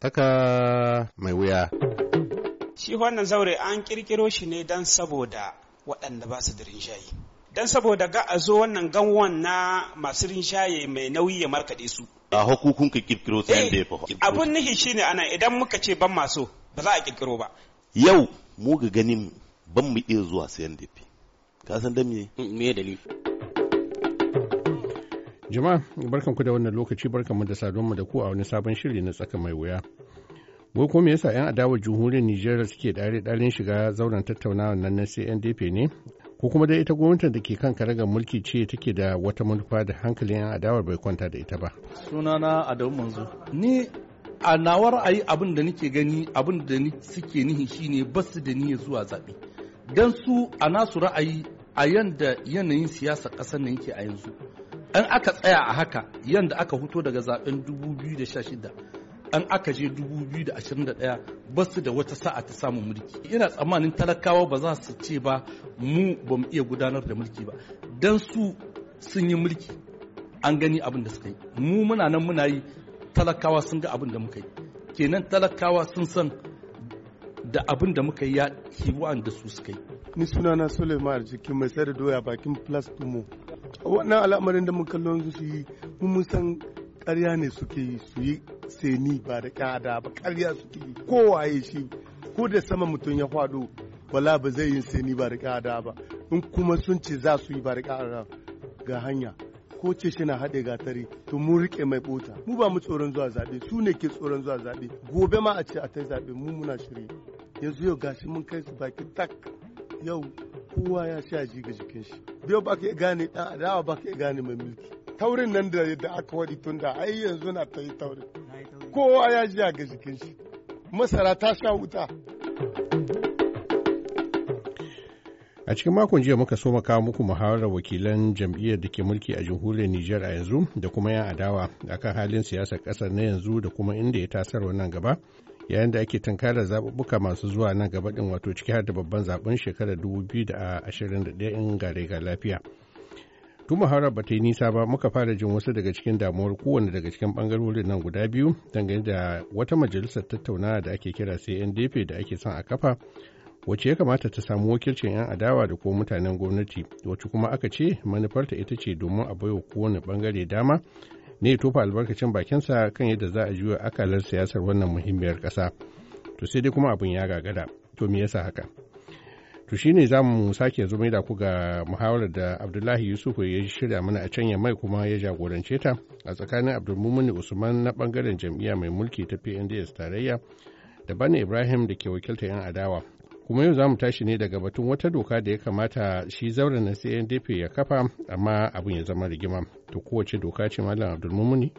Tsaka mai wuya. Shi wannan zaure an kirkiro shi ne don saboda waɗanda ba su da rinshayi. Don saboda ga a zo wannan ganwan na masu rinshaye mai nauyi ya markaɗe su. A hukukun ka kirkiro ta yadda ya faho. Eh, abun nihi shi ne anan idan muka ce ban maso ba za a kirkiro ba. Yau mu ga ganin ban mu iya zuwa sayan dafi. Ka san dami ne? Mm, me dalili? Jama'a barkanku da wannan lokaci mu da mu da ku a wani sabon shiri na tsaka mai wuya. Wai ko me yasa 'yan adawar jamhuriyar Nijar suke dare daren shiga zauren tattaunawa nan na CNDP ne? Ko kuma dai ita gwamnatin da ke kan karagar mulki ce take da wata manufa da hankalin 'yan adawar bai kwanta da ita ba. Sunana Adamu Manzo. Ni a nawar ayi abin da nake gani abin da suke nihi shine basu da niyya zuwa zaɓe. Dan su a nasu ra'ayi a yanda yanayin siyasa ƙasar nan yake a yanzu. an aka tsaya a haka yadda aka huto daga zaben 2016 an aka je 2021 ba su da wata sa'a ta samun mulki ina tsammanin talakawa ba za su ce ba mu ba mu iya gudanar da mulki ba don su sun yi mulki an gani abin da suka yi mu muna nan muna yi talakawa sun ga abin da muka yi kenan talakawa sun san da abin da muka yi ya hibuwan da su suka yi ni sunana suleiman arzikin mai sayar da doya bakin plus wannan al'amarin da muka yanzu su yi mun san karya ne suke yi su yi seni ba da kada ba karya suke yi kowaye shi ko da sama mutum ya faɗo wala ba zai yi seni ba da kada ba in kuma sun ce za su yi ba da kada ga hanya ko ce shi na haɗe gatari to mun rike mai bota mu ba mu tsoron zuwa zaɓe su ne ke tsoron zuwa zaɓe gobe ma a ce a ta zaɓe mu muna shirye yanzu yau gashi mun kai su baki tak yau kowa ya sha ji ga jikin shi biyo ba ka gane dan adawa ba ka gane mai mulki taurin nan da yadda aka waɗi tun da ai yanzu na ta yi taurin kowa ya ji ga jikin shi masara ta sha wuta a cikin makon jiya muka so kawo muku muhawarar wakilan jam'iyyar da ke mulki a jamhuriyar Nijar a yanzu da kuma yan adawa akan halin siyasar kasar na yanzu da kuma inda ya tasar nan gaba yayin da ake tunkarar zaɓuɓɓuka masu zuwa nan gaba ɗin wato ciki har da babban zaɓen shekarar ɗaya in gare ga lafiya. Tun muhawarar ba ta yi nisa ba muka fara jin wasu daga cikin damuwar kowane daga cikin bangarorin nan guda biyu dangane da wata majalisar tattaunawa da ake kira CNDP da ake son a kafa wacce ya kamata ta samu wakilcin 'yan adawa da kuma mutanen gwamnati wacce kuma aka ce manufarta ita ce domin a baiwa kowane bangare dama ne tofa albarkacin bakinsa kan yadda za a juya akalar siyasar wannan muhimmiyar ƙasa to sai dai kuma abin ya gagara to me yasa haka to shine za mu sake zuma da ku ga muhawarar da abdullahi yusuf ya shirya mana a can mai kuma ya jagorance ta a tsakanin abdulmumuni usman na bangaren jam'iyya mai mulki ta pnds tarayya da bani ibrahim da ke wakilta yan adawa kuma yau za mu tashi ne daga batun wata doka da ya kamata shi zauren na CNDP ya kafa amma abin ya zama rigima to kowace doka ce malam ne.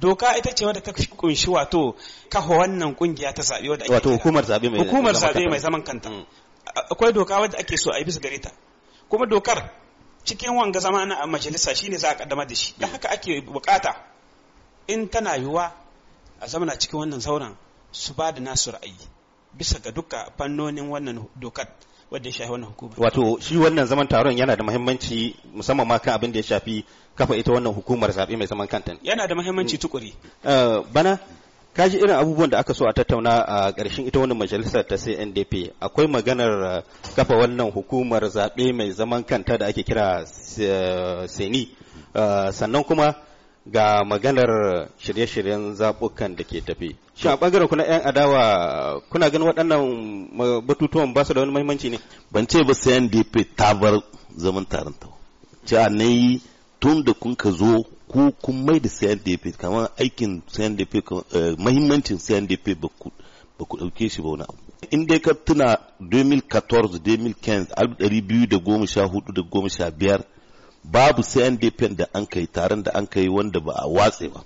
doka ita ce wadda ta kunshi wato kafa wannan kungiya ta zabe wadda wato hukumar zabe mai hukumar zabe mai zaman kanta mm. akwai doka wadda ake so a yi bisa gare ta kuma dokar cikin wanga zama na majalisa shine za a kaddama da shi da haka ake bukata in tana yiwa a zamana cikin wannan zauren su ba da nasu ra'ayi bisa ga duka fannonin wannan dokar wadda ya shafi wannan hukumar. wato shi wannan zaman taron yana da muhimmanci musamman ma kan abin da ya shafi kafa ita wannan hukumar zaɓe mai zaman kanta yana da muhimmanci tukuri eh, bana kaji irin abubuwan da aka so a tattauna a ƙarshen ita wannan majalisar ta CNDP akwai maganar eh, kafa wannan hukumar zaɓe mai zaman kanta da ake kira eh, seni sannan kuma ga maganar shirye-shiryen zaɓukan da ke tafi. Shin a ɓangaren kuna 'yan adawa kuna ganin waɗannan batutuwan ba su da wani mahimmanci ne? Ban ce ba sayan DP ta bar zaman taron ta. Ce a yi tun da kun ka zo ku kun mai da sayan kamar aikin sayan mahimmancin eh, sayan DP ba ku ɗauke shi ba wani abu. In dai ka tuna 2014-2015 2014 da goma sha hudu da goma sha biyar babu CNDP da an kai taron da an kai wanda ba a watse ba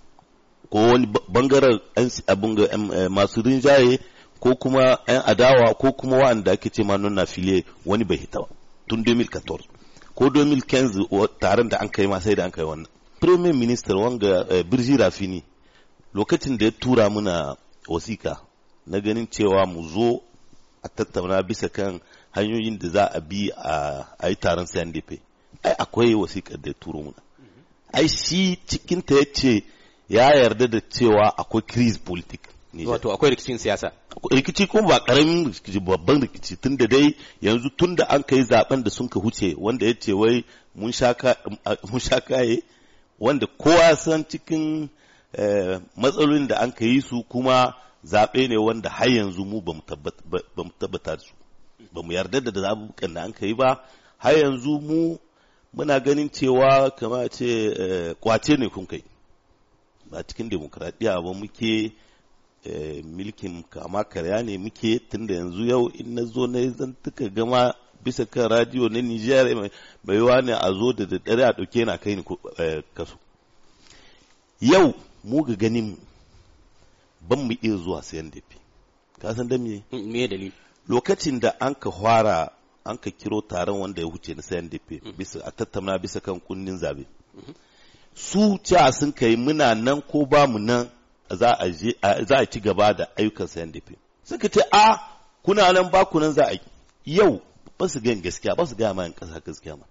ko wani bangaren abin ga eh, masu rinjaye ko kuma 'yan adawa ko kuma wa'anda ake ce ma nuna filiye wani bai hita ba tun 2014 ko 2015 taron da an kai ma sai da an kai wannan premier minister wanga eh, birji rafini lokacin da ya tura muna wasika na ganin cewa mu zo a tattauna bisa kan hanyoyin da za a bi a yi taron CNDP ai akwai wasiƙar da ya turo muna ai shi cikin ta yace ya yarda da cewa akwai crise politik wato akwai rikicin siyasa rikici kuma ba karamin rikici babban rikici tun da dai yanzu tun da an kai zaben da sun ka huce wanda ya ce wai mun sha kaye wanda kowa san cikin eh, matsalolin da an ka yi su kuma zaɓe ne wanda har yanzu mu ba mu tabbata su ba mu yarda da zaɓuɓɓukan da an ka yi ba har yanzu mu muna ganin cewa kama ce eh, kwace ne kun kai ba cikin demokradiyya ba muke eh, milkin kama karya ne muke tunda yanzu yau in na zo na tuka gama bisa kan radio na Nijiyar mai yiwa ne a zo da daddare a ɗauke na kai ni eh, kaso yau mu ga ganin ban mu iya zuwa sayan dafi ka san da me mm, me dalili lokacin da an ka fara an ka kiro taron wanda ya huce na CNDP mhm. bisa a tattauna bisa kan kunnin zabe mhm. su cewa sun kai muna nan ko ba mu nan za a ci gaba da ayyukan CNDP suka ce a kuna nan ba ku nan za a yau ba su gan gaskiya ba su gaya ma kasa gaskiya ma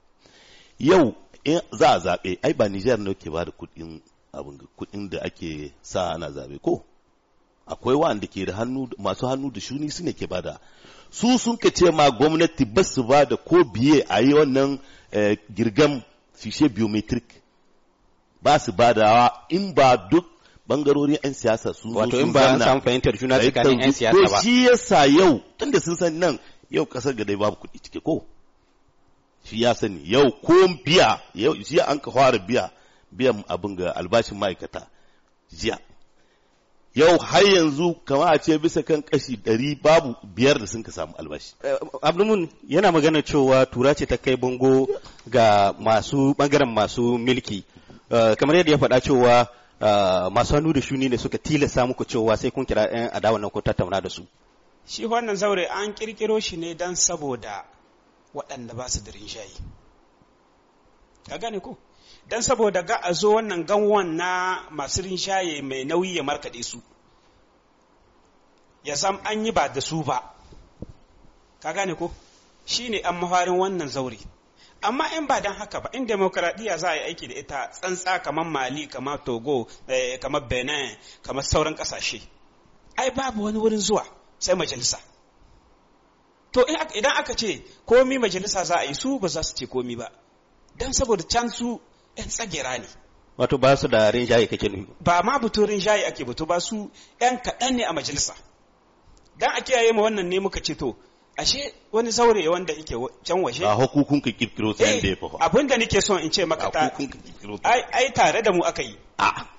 yau in za a zaɓe ai ba Nijar ne ke ba da kuɗin abin kuɗin da ake sa ana zabe ko akwai wa'anda ke da hannu masu hannu da shuni su ne ke bada su sun ka ce ma gwamnati ba su ba da ko biye a yi wannan eh, girgam fishe biometric ba su ba da in ba duk bangarorin 'yan siyasa sun zo wato in ba an san fahimtar juna tsakanin 'yan siyasa ba shi yasa yau tunda sun san nan yau kasar gadai babu kuɗi cike ko shi ya sani yau ko biya yau shi an ka fara biya biyan abin ga albashin ma'aikata jiya yau har yanzu kama a ce bisa kan kashi ɗari babu biyar da sun ka samu albashi. Eh, Abdulmun yana magana cewa tura ce ta kai bango ga masu bangaren masu milki eh, kamar yadda ya faɗa cewa eh, masu hannu da shuni ne suka tilasta muku cewa sai kun kira 'yan adawa nan ko tattauna da su. Shi wannan zaure an kirkiro shi ne don saboda waɗanda ba su da rinjaye Ka gane ko? don saboda ga a zo wannan ganwan na masu rinshaye mai nauyi ya markaɗe su ya sam an yi ba da su ba ka gane ko shi ne an mafarin wannan zaure amma in ba don haka ba in demokaradiyya za a yi aiki da ita tsantsa kamar mali kamar togo eh, kamar benin kamar sauran ƙasashe ai babu wani wurin zuwa sai majalisa to idan aka ce komi majalisa za a yi su ba za su ce komi ba don saboda can su 'yan tsagera ne wato ba su da rinjaye kake nufi ba ma buto rinjaye ake buto ba su 'yan kaɗan ne a majalisa dan a kiyaye ma wannan ne muka ce to ashe wani saurayi wanda yake can waje ba hukukun ka kirkiro sai da eh, ya fa abin da nake son in ce maka ta ai tare da mu aka yi a'a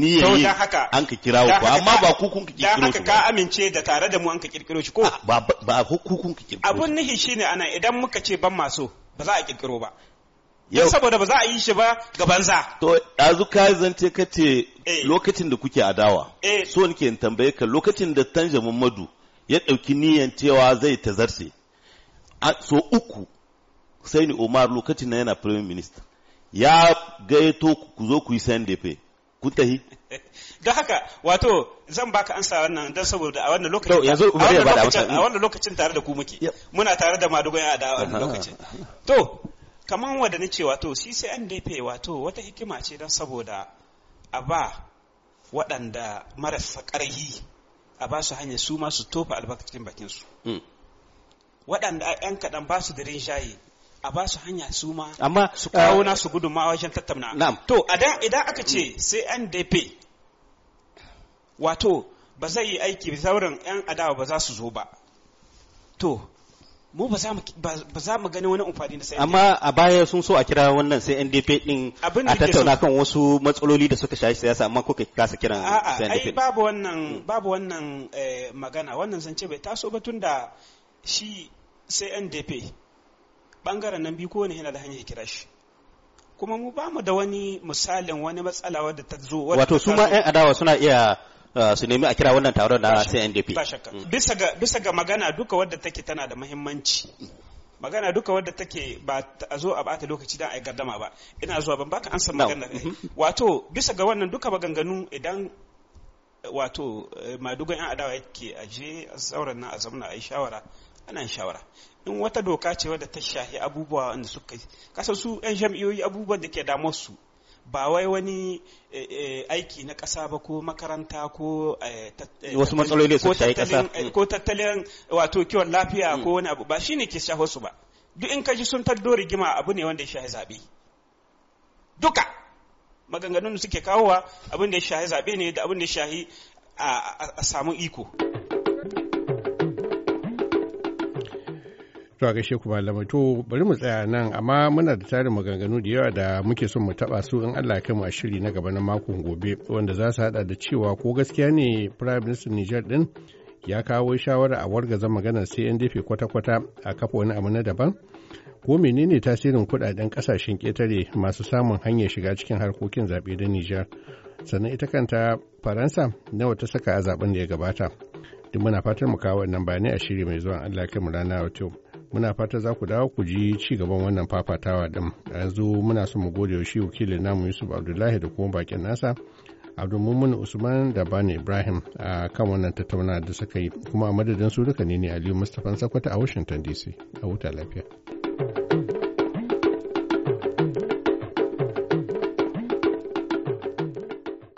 niyyar yi an ka kirawo ku amma ba ku kun ka kirkiro shi ba ka amince da tare da mu an ka kirkiro shi ko ah, ba ba ku kun ka kirkiro abun nihi shine anan idan muka ce ban maso ba za a kirkiro ba yau saboda ba za a yi shi ba ga banza to yanzu ka zance ka ce eh. lokacin da kuke adawa eh. so nake in tambaye ka lokacin da tanja mamadu ya ɗauki niyan cewa zai ta zarce so uku sai ni Omar lokacin na yana prime minister ya gayyato ku zo ku yi sandefe kun tahi don haka wato zan baka ansa wannan dan saboda a wannan lokacin a wannan lokacin tare da ku muke muna tare da madugon a da wannan lokacin to kamar wanda nace wato shi sai an dafe wato wata hikima ce don saboda a ba waɗanda marasa ƙarhi a ba su hanyar su ma su tofa albarkacin bakin su hmm. waɗanda 'yan kaɗan ba su da rinjaye a ba su hanya su ma amma su kawo eh, nasu gudunmawa wajen tattauna na'am to idan aka ce sai NDP wato ba zai yi aiki sauran yan adawa ba za su zo ba to mu ba za mu gani wani amfani da sai amma a baya sun so a kira wannan sai NDP din a tattauna kan wasu matsaloli da suka shafi siyasa amma kuka kasa kiran sai NDP ai babu wannan babu wannan eh, magana wannan zance bai taso ba tunda shi sai NDP bangaren nan biyu kowane yana da hanyar kira shi kuma mu ba mu da wani misalin wani matsala wadda ta zo wato su ma yan adawa suna iya uh, su nemi a kira wannan taron na CNDP bisa ga bisa ga magana duka wadda take tana da muhimmanci magana duka wadda take ba a zo a bata lokaci da a gardama ba ina zuwa ban baka ansa magana mm-hmm. wato bisa ga wannan duka maganganu idan wato eh, madugan yan adawa yake aje a sauran na a zamna a yi shawara ana shawara in wata doka ce wadda ta shahi abubuwa wanda suka kasa su yan jam'iyoyi abubuwan da ke damar su ba wai wani eh, eh, aiki na ƙasa ba ko makaranta ko eh, wasu matsaloli su shahi ƙasa ko tattalin wato kiwon lafiya mm. ko wani abu ba shine ke shaho su ba duk in kaji sun taddo rigima abu ne wanda ya shahi zaɓe duka maganganun da suke kawowa abin da ya shahi zaɓe ne da abin da ya shahi a samu iko. To a gaishe ku malamai to bari mu tsaya nan amma muna da tarin maganganu da yawa da muke son mu taɓa su in Allah kai mu a shiri na gaba na makon gobe wanda za su hada da cewa ko gaskiya ne Prime Minister Niger din ya kawo shawara a wargaza maganar CNDP kwata-kwata a kafa wani abu na daban ko menene tasirin kuɗaɗen ƙasashen ketare masu samun hanyar shiga cikin harkokin zaɓe da Nijar sannan ita kanta Faransa nawa ta saka a zaben da ya gabata duk muna fatan mu kawo wannan bayanai a shiri mai zuwa Allah kai mu rana wato muna fata za ku dawo ku ji ci gaban wannan fafatawa din yanzu muna so mu gode shi wakilin namu yusuf abdullahi da kuma bakin nasa abdulmumin usman da bani ibrahim a kan wannan tattaunawa da suka yi kuma a madadin su duka ne ne aliyu mustapha sakwata a washington dc a huta lafiya